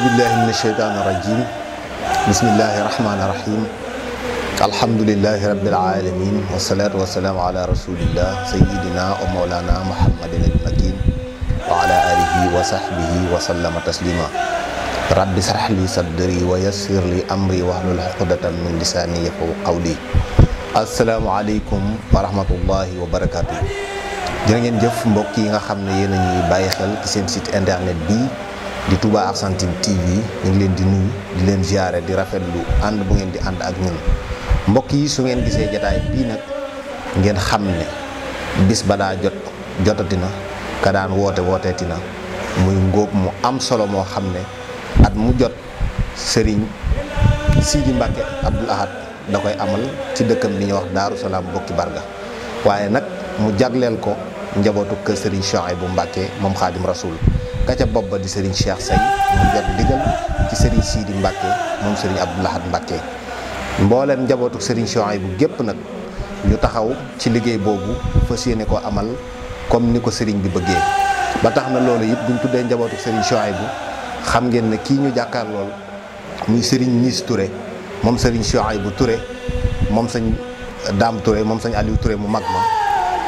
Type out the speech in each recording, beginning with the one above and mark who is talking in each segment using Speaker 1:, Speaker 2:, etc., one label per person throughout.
Speaker 1: billahi min asheytaan irajim bismillahi irahmani irahim alhamdulilahi rabbil alamin wasalaatu wasalaamu ala rasulillah sayidina wa maulana muhammadin almakin wa ala alihi wa sahbihi wa sallama taslima rabbi sarah li sadri wa yassir li amri wahlul uqdatan min lisani yafqahu qawli asalaamaaleykum wa rahmatullahi wa barakaatu jërë ngeen jëf mbokk yi nga xam ne yéen a ñuy bàyyi xel ci seen site internet bi di Touba Argentine TV ñu ngi leen di nuyu di leen ziare di rafet rafetlu ànd bu ngeen di ànd ak ñun mbokk yi su ngeen gisee jataay bii nag ngeen xam ne bis ba daa jot jotati na ka daan woote wooteeti na muy ngóob mu am solo moo xam ne at mu jot sëriñ Sidi Mbacke Abdoul Ahad da koy amal ci dëkkam bi ñuy wax Daaru Salaam Bokki Barga waaye nag mu jagleel ko njabootu kër sëriñ Chouaïbou Mbacke moom xaadim rasul ka ca bopp ba di sëriñ Cheikh Say mu jot ci sëriñ Sidi Mbacke moom sëriñ Abdoul Ahad Mbacke mbooleem njabootu sëriñ Chouaïbou gépp nag ñu taxaw ci liggéey boobu fa yéene ko amal comme ni ko sëriñ bi bëggee ba tax na loolu bu ñu tuddee njabootu sëriñ bu xam ngeen ne kii ñu jàkkaar lool muy sëriñ Niis ture moom sëriñ Chouaïbou Touré moom sañ Daam Touré moom sañ Aliou Touré mu mag ma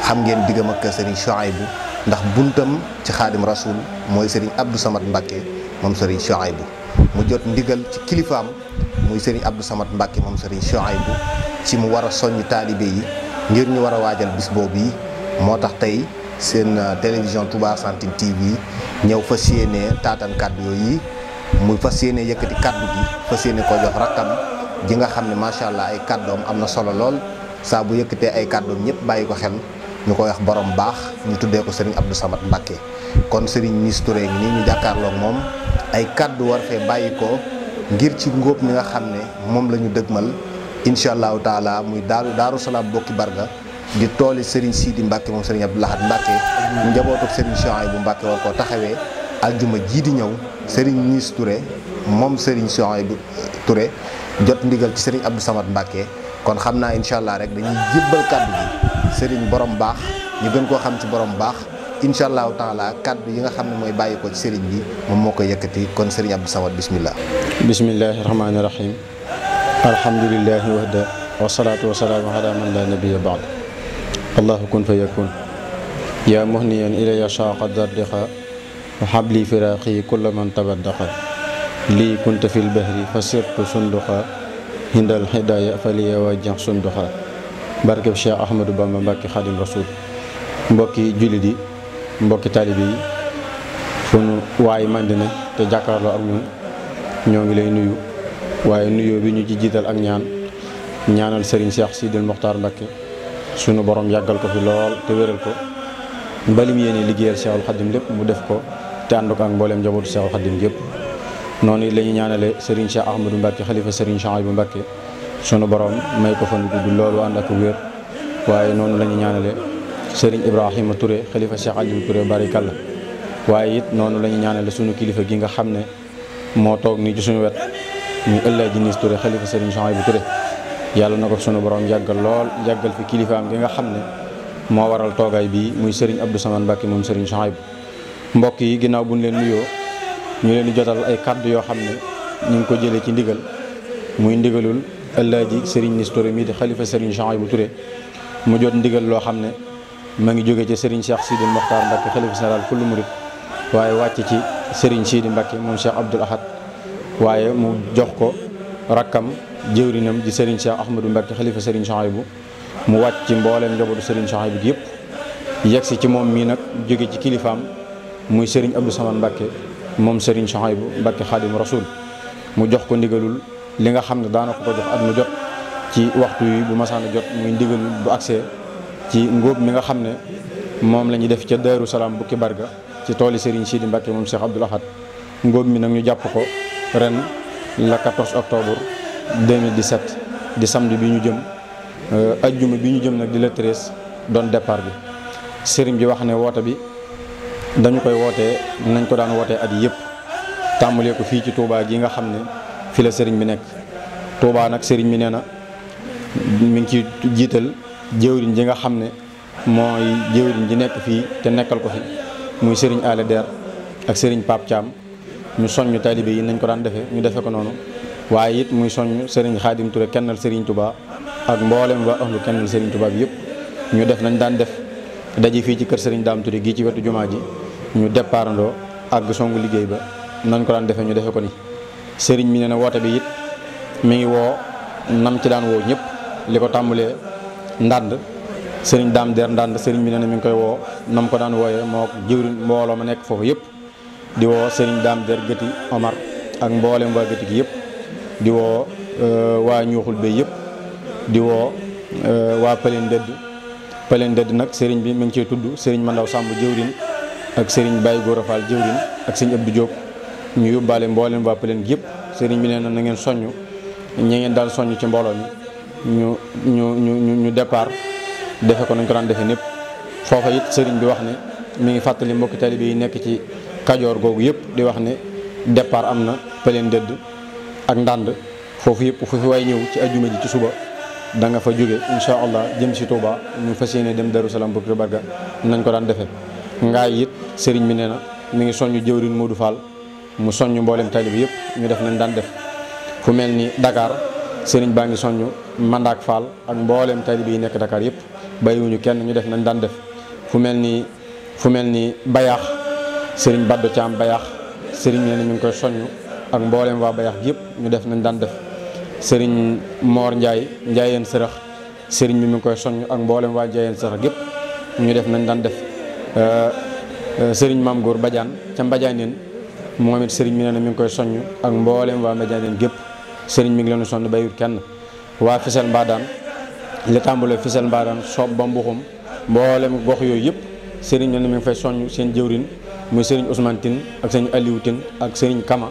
Speaker 1: xam ngeen diggam ak sëriñ Chouaïbou ndax buntam ci xaadim rasul mooy sëriñ Abdou Samad Mbacke moom sëriñ Chouaïbou mu jot ndigal ci kilifaam muy sëriñ Abdou Samad mbakke moom sëriñ Chouaïbou ci mu war a soññ taalibe yi ngir ñu war a waajal bis boobu yi moo tax tey seen euh, télévision Touba Argentine TV ñëw fas yéene taatan kàddu yooyu muy fas yéene yëkkati kàddu bi fas yéene ko jox rakkam ji nga xam ne macha allah ay kàddoom am na solo lool saa bu yëkkatee ay kàddoom ñëpp bàyyi ko xel ñu koy wax borom baax ñu tuddee ko Serigne Abdou Samad Mbacké kon Serigne Miss ngi nii ñu jàkkaarloog moom ay kàddu war bàyyi ko ngir ci ngóob mi nga xam ne moom la ñu dëgmal incha allahu taala muy daaru daaru salaam bokki barga di tooli Serigne Sidi Mbacke moom Serigne Abdou Lahad Mbacke njabootu Serigne bu Mbacke war koo taxawee aljuma jii di ñëw Serigne Niis Touré moom Serigne Souhaïbou Touré jot ndigal ci Serigne Abdou Samad Mbacke kon xam naa incha allah rek dañuy jébbal kàddu gi Serigne borom baax ñu gën koo xam ci borom baax incha allahu taala kàddu yi nga xam ne mooy bàyyi ko ci
Speaker 2: Serigne bi moom moo koy yëkkati kon Serigne Abdou Samad bismillah. bismillahi rahmaani rahim alhamdulillahi wahda wasalaatu wasalaamu ala allahu kun fa yakun yaa muhniyan ilaya shaaqa dardiqa wa xabli yi kulla man tabaddaqa lii kunta fil bahri fa sirtu sunduqa hindal hidaaya fa liya wajjax sunduqa barkeb Cheikh Ahmadou Bamba Mbàkke Xaadim Rasuul mbokki jullit yi mbokki taalibe yi fu nu waaye man te jàkkaarloo ak ñun ñoo ngi lay nuyu waaye nuyoo bi ñu ci jiital ak ñaan ñaanal Serigne Cheikh Sidil Mokhtar Mbàkke sunu borom yàggal ko fi lool te wéral ko mbalim yéene liggéeyal Seexul Xadim lépp mu def ko te ànd ko ak mbooleem njabootu Seexul Xadim gépp noonu la ñu ñaanale Serigne Cheikh Ahmadou Mbacke xalifa Serigne Cheikh bu Mbacke sunu borom may ko fan gudd loolu ànd ak wér waaye noonu la ñu ñaanale Serigne Ibrahima Touré xalifa Cheikh Aliou Touré barikalla waaye it noonu lañu ñaanale sunu kilifa gi nga xam ne moo toog ni ci suñu wet ñu ëllëg ji niis Touré xalifa Serigne Cheikh bu Touré yàlla na ko sunu boroom yàggal lool yàggal fi kilifaam gi nga xam ne moo waral toogaay bii muy Serigne Abdou Samane Mbacke moom Serigne Souhaïbou mbokk yi ginnaaw bu buñ leen nuyoo ñu leen di jotal ay kàddu yoo xam ne ñu ngi ko jëlee ci ndigal muy ndigalul Alaaji Serigne Niass Touré mii di xalifa Serigne Souhaïbou Touré mu jot ndigal loo xam ne ma ngi jóge ci Serigne Cheikh Sidi Mokhtar Mbacke xalifa général kullu murid waaye wàcc ci Serigne Sidi Mbacke moom Cheikh Abdoul Ahad waaye mu jox ko. rakkam jëwrinam di Serigne Cheikh Ahmadou Mbacke xalifa Serigne bu mu wàcc ci mbooleem njabootu Serigne Souhaïbou gi yëpp yegsi ci moom mii nag jóge ci kilifaam muy sëriñ Abdou Samane Mbacke moom Serigne Souhaïbou Mbacke xaadimu rasul mu jox ko ndigalul li nga xam ne daana ko ko jox at mu jot ci waxtu yi bu masaana jot muy ndigalul bu accès ci ngóob mi nga xam ne moom lañu def ca Daaru Salaam bukki barga ci tooli Serigne Sidi Mbacke moom Cheikh Abdoul Ahad ngóob mi nag ñu jàpp ko la 14 octobre 2017 di samedi bi ñu jëm euh, ajjuma bi ñu jëm nag di la 13 doon départ bi sëriñ bi wax ne woote bi dañu koy wootee nañ ko daan wootee at yëpp tàmbalee ko fii ci Touba ji nga xam ne fi la sëriñ bi nekk Touba nag sëriñ bi nee na mi ngi ci jiital jëwriñ ji nga xam ne mooy jëwriñ ji nekk fii te nekkal ko fi muy sëriñ Alé Der ak sëriñ Pape Thiam ñu soññ taalibe yi nañ ko daan defee ñu defee ko noonu waaye it muy soññ Serigne Khadim Touré kennal Serigne Touba ak mboolem waa ahlu kennal Serigne Touba bi yëpp ñu def nañ daan def daje fii ci kër Serigne daam Touré gii ci wetu jumaa ji ñu départandoo àgg songu liggéey ba nañ ko daan defee ñu defee ko ni Serigne bi nee na woote bi it mi ngi woo nam ci daan woo ñëpp li ko tàmbalee ndànd Serigne daam der ndànd Serigne bi nee na mu ngi koy woo nam ko daan wooye moo jëwriñ mbooloo ma nekk foofu yëpp. di woo sëriñ daam der gëti Omar ak mboolem waa gëti gi yëpp di woo euh, waa ñuuxul bay yëpp di woo euh, waa pëlen dëdd pëlen dëdd nag sëriñ bi mu ngi cee tudd sëriñ Mandaw Samb jëwrin ak sëriñ Baye Gora Fall jëwrin ak sëriñ Abdou Diop ñu yóbbaale mboolem waa pëlen gi yëpp sëriñ bi nee na na ngeen soññ ñi ngeen daan soññ ci mbooloon mi ñu ñu ñu ñu defe ko nañ ko daan defe népp foofa it sëriñ bi wax ne mu ngi fàttali mbokki taalibe yi nekk ci kajoor googu yëpp di wax ne départ am na pëleen dëdd ak ndànd foofu yëpp fu waay ñëw ci ajjuma ji ci suba da nga fa jóge incha allah jëm si Touba ñu fas yéene dem Darou Salaam Bokiru Barga nañ ko daan defee ngaay it sëriñ bi nee na mi ngi soññ jëwriñ Modou Fall mu soññ mboolem talib yëpp ñu def nañ daan def fu mel ni dakaar sëriñ baa ngi soññ Mandak Fall ak mboolem talib yi nekk Dakar yëpp bàyyiwuñu kenn ñu def nañ daan def fu mel ni fu mel ni Bayaax sëriñ Badou am Bayax sëriñ nee na ñu ngi koy soññ ak mbooleem waa Bayax yëpp ñu def nañ daan def sëriñ Mor Ndiaye Ndiayeen Sërëx sëriñ bi mi ngi koy soññ ak mboolem waa Ndiayeen Sërëx yëpp ñu def nañ daan def euh, euh, sëriñ Maam Góor Badiane ca Mbadianeen moom it sëriñ bi nee na mi ngi koy soññ ak mboolem waa Mbadianeen gépp sëriñ mi ngi leen sonn bayut kenn waa Fisel Mbadaan li tàmbalee Fisel Mbadaan soob ba mbuxum mboolem gox yooyu yëpp sëriñ bi nee na mi ngi fay soññ seen jëwrin muy sëriñ Ousmane Tine ak sëriñ Aliou Tine ak sëriñ Kama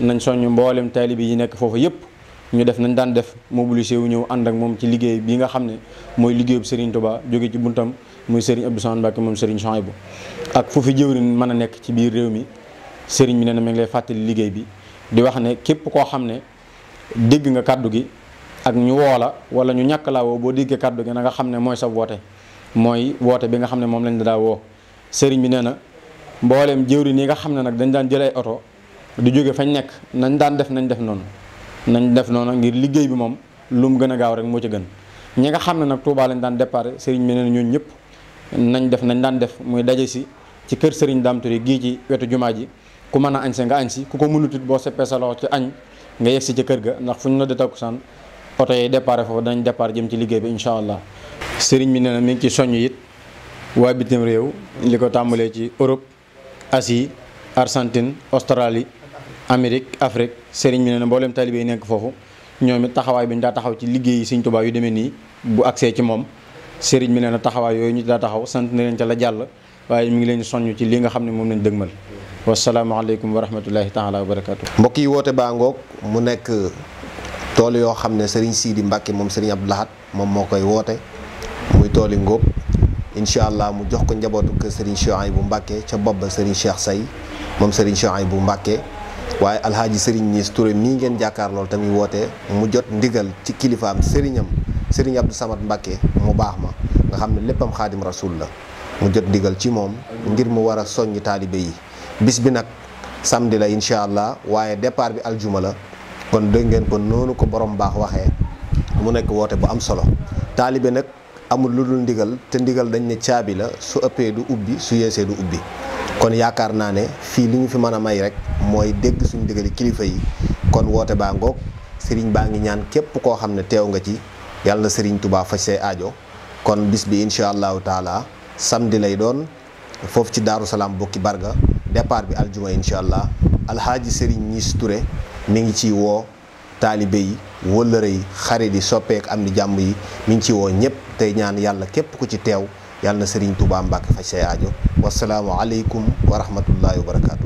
Speaker 2: nañ soññ mboolem taalibe yi nekk foofu yëpp ñu def nañ daan def mobilisé wu ñëw ànd ak moom ci liggéey bi nga xam ne mooy liggéeyub sëriñ Touba jóge ci buntam muy sëriñ Abdou Samane Mbacke moom sëriñ Chouaïbou ak fu fi jëwriñ mën a nekk ci biir réew mi bi nee na mi ngi lay fàttali liggéey bi di wax ne képp koo xam ne dégg nga kàddu gi ak ñu woo wala ñu ñàkk laa woo boo déggee kàddu gi na xam ne mooy sa woote mooy woote bi nga xam ne moom lañ daa woo sëriñ bi nee na mbooleem jëwriñ nii nga xam ne nag dañ daan jël ay oto di jóge fañ nekk nañ daan def nañ def noonu nañ def noonu ngir liggéey bi moom lu mu gën a gaaw rek moo ca gën ñi nga xam ne nag Touba lañ daan départ Serigne bi nee na ñooñu ñëpp nañ def nañ daan def muy daje si ci kër Serigne Dame Touré gii ci wetu jumaa ji ku mën a añ si nga añ si ku ko mënut it boo seppee sa loxo ci añ nga yegg si ca kër ga ndax fu ñu la di takkusaan oto yi départ foofu danañ jëm ci liggéey bi incha allah Serigne bi nee mi ngi ci soññ it waa bitim réew li ko tàmbalee ci Europe Asie Argentine Australie Amérique Afrique sëriñ mi ne na mboolem taalibe yi nekk foofu ñoom it taxawaay bi ñu daa taxaw ci liggéey yi Sëriñ Tuubaa yu demee nii bu agsee ci moom sëriñ bi ne na taxawaay yooyu ñu daa taxaw sant na leen ca la jàll waaye mu ngi leen soññ ci li nga xam ne moom lañ dëgmal wasalaamaaleykum wa rahmatullahi taala wa barakatu mbokk yi woote baa ngoog mu nekk tool yoo xam ne sëriñ Sidi Mbacke moom sëriñ Abdou Lahad moom moo
Speaker 1: koy woote muy tooli incha allah mu jox ko njabootu kër Serigne Chouaïbou Mbacke ca bopp ba Serigne Cheikh Say moom Serigne bu Mbacke waaye alhaaji Serigne Niass Touré mii ngeen jàkkaar lool tamit woote mu jot ndigal ci kilifaam sëriñam Serigne Abdou Samad mu baax ma nga xam ne léppam xaadim rasul la mu jot ndigal ci moom ngir mu war a soññ taalibe yi bis bi nag samedi la incha allah waaye départ bi aljuma la kon dégg ngeen ko noonu ko borom baax waxee mu nekk woote bu am solo taalibe nag amul lu dul ndigal te ndigal dañu ne caabi la su ëppee du ubbi su yeesee du ubbi kon yaakaar naa ne fii li ñu fi mën a may rek mooy dégg suñ digali kilifa yi kon woote baa ngoog sëriñ baa ngi ñaan képp koo xam ne teew nga ci yàlla na sëriñ Touba faj say aajo kon bis bi incha allahu taala samdi lay doon foofu ci Daaru Salaam bokki Barga départ bi aljuma incha allah alhaaji sëriñ Niis Touré mu ngi ciy woo taalibe yi wëllëre yi xarit yi soppeek am di jàmm yi mi ngi ciy woo ñëpp tey ñaan yàlla képp ku ci teew yàlla na Serigne Touba Mbacke faj say aajo wasalaamu aleykum wa rahmatullahi wa